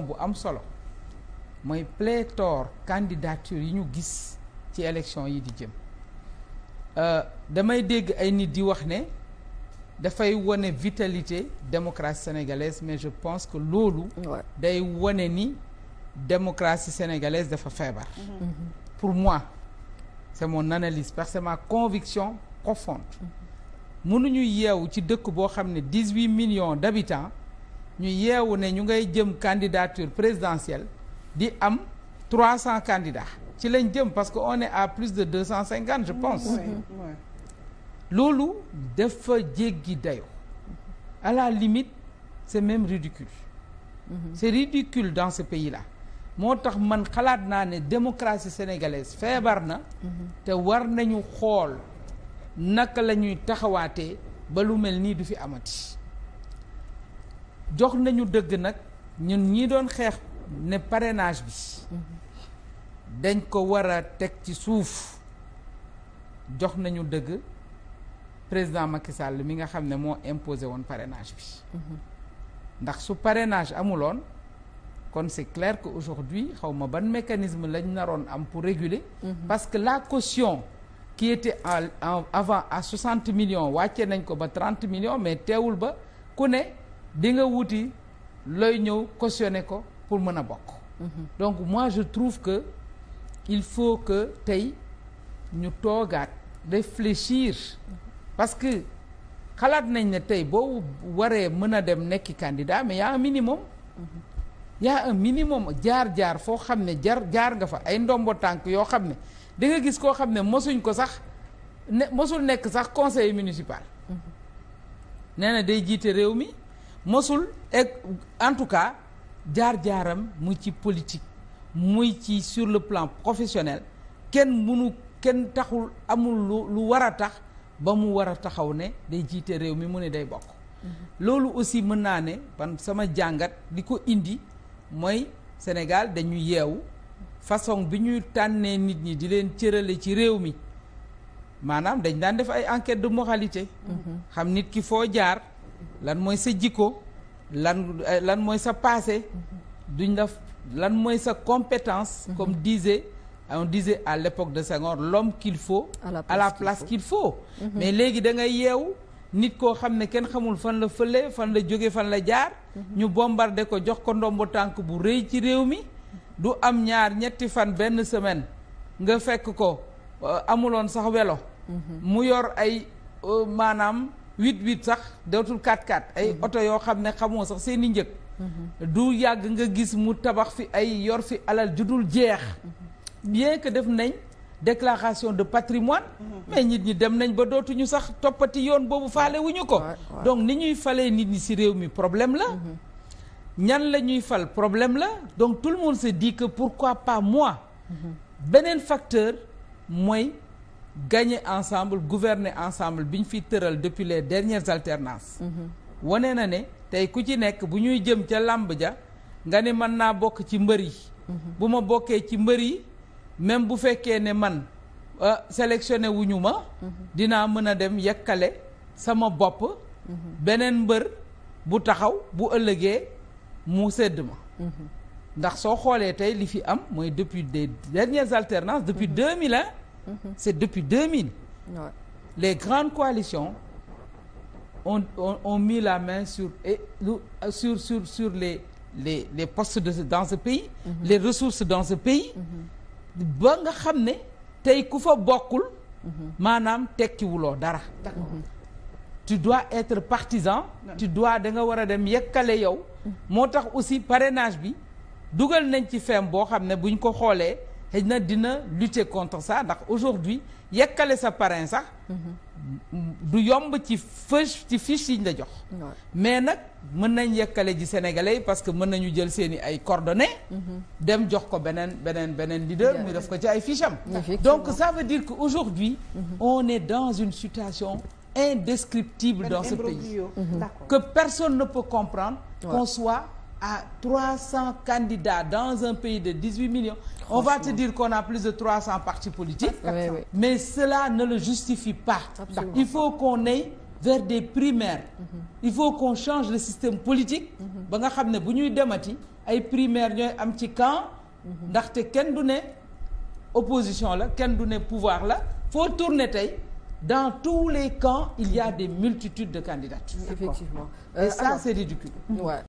question bu am solo mooy pléthore candidature yi ñu gis ci élection yi di jëm euh, damay dégg ay nit di wax ne dafay wone vitalité démocratie sénégalaise mais je pense que loolu day wone ni démocratie sénégalaise dafa feebar mm-hmm. Mm-hmm. pour moi c'est mon analyse parce que ma conviction profonde mm-hmm. mënuñu yeewu ci dëkk boo xam ne dix-huit millions d'habitants ñu yeewu ne ñu ngay jëm candidature présidentielle di am trois cent candidats ci lañ jëm parce que on est à plus de deux cent cinquante je pense loolu dafa jéggi dayo à la limite c'est même ridicule mm-hmm. c'est ridicule dans ce pays là moo tax man xalaat naa ne démocratie sénégalaise feebar na mm-hmm. te war nañu xool naka la ñuy taxawaatee ba lu mel nii du fi amati jox nañu dëgg nag ñun ñi doon xeex ne parenage bi dañ ko war teg ci suuf jox nañu dëgg président Macky Sall mi nga xam ne moo imposé woon parenage bi ndax su parrainage amuloon kon c'est clair que aujourd'hui xaw ma ban mécanisme lañ naroon am pour réguler mhm. parce que la caution qui était en avant à 60 millions wàcce nañ ko ba trente millions mais teewul ba ku ne di nga wuti looy ñëw cautionné ko pour mën a bokk. Mhm. donc mois je trouve que il faut que tey ñu toogaat réfléchir parce que xalaat nañ ne tey boo waree mën a dem nekki candidat mais y a un minimum. Mhm. y minimum jaar-jaar foo xam ne jar jaar nga fa ay ndombo tànk yoo xam ne dinga gis koo xam ne mosuñ ko sax ne mosul nekk sax conseil municipal. Mhm. nee na day jiite réew mi. mosul et en tout cas jaar-jaaram mu ci politique muy ci sur le plan professionnel kenn munu kenn taxul amul lu lu war a tax ba mu war a taxaw ne day jiite réew mi mu ne day bokk mhm. loolu aussi mën naa ne ban sama jàngat di ko indi mooy Sénégal dañu yeewu façon bi ñuy tànnee nit ñi di leen cërale ci réew mi maanaam dañ daan def ay enquête de moralité mhm. xam nit ki foo jaar lan mooy sa jikko lan eh, lan mooy sa passé mhm. duñ la lan mooy sa compétence mhm. comme disait ah, on disait à l'époque de Senghor lom qu'il faut à la place qu'il mhm. mais léegi da ngay yeewu nit koo xam ne kenn xamul fan la fële fan la jóge fan la jaar ñu bombardé ko jox ko ndomb tànk bu rëy ci réew mi du am ñaar ñetti fan benn semaine nga fekk ko euh, amuloon sax welo mu yor ay euh, maanaam huit huit sax dootul quatre quatre ay mhm. oto yoo xam ne xamoo sax seen i njëg mhm. du yàgg nga gis mu tabax fi ay yor fi alal dul jeex mhm. bien que def nañ déclaration de patrimoine mais nit ñi dem nañ ba dootuñu sax toppati yoon boobu faale wuñu ko donc ni ñuy falee nit ñi ci réew mi problème la ñan la ñuy fal problème la donc tout le monde se dit que pourquoi pas moi beneen facteur mooy gagner ensemble gouverner ensemble bi ñu fi tëral depuis les dernières alternances mhm. wane na ne tey ku ci nekk bu ñuy jëm ca làmb ja nga ne mën naa bokk ci mbër yi mhm. bu ma bokkee ci mbër yi même bu fekkee ne man euh, sélectionné wuñu ma mhm. dinaa mën a dem yekkale sama bopp beneen mbër bu taxaw bu ëllëgee mu sedd ma ndax soo xoolee tey li fi am mooy depuis des dernières alternances depuis deux mille Mm-hmm. c'est depuis 2000. Ouais. les grandes coalitions on on ont mis la main sur sur sur sur les les les postes de dans ce pays. Mm-hmm. les ressources dans ce pays. Mm-hmm. ba nga xam ne tey ku fa bokkul. maanaam tekkiwuloo dara. tu dois être partisan. tu dois da nga war a dem yekkale yow. Mm. moo tax aussi parrainage bi dugal nañ ci feem boo xam ne buñ ko xoolee. xëy na dina lutter contre ça ndax aujourd'hui yekkale sa parrain sax du yomb ci fiche ci fiche yi ñu la jox mais nag mën nañ yekkale ji sénégalais yi parce que mën nañu jël seeni ay coordonnées mhm. dem jox ko beneen beneen beneen leader muy def ko ci ay fiche am donc ça veut dire que aujourd'hui mhm. on est dans une situation indescriptible dans ce pays que personne ne peut comprendre qu'on à 300 candidats dans un pays de 18 millions. On va te dire qu'on a plus de 300 partis Mais cela ne le justifie pas. Absolument. Il faut qu'on aille vers des primaires. Mhm. Il faut qu'on change le système politique. Mhm. ba nga xam ne bu ñuy demati ay primaires ñooy am ci camp. Mhm. ndaxte kenn du ne opposition la kenn du ne pouvoir la faut tourner tey. dans tous les camps il y a des multitudes de candidatures. effectivement et ça euh, c'est ridicule.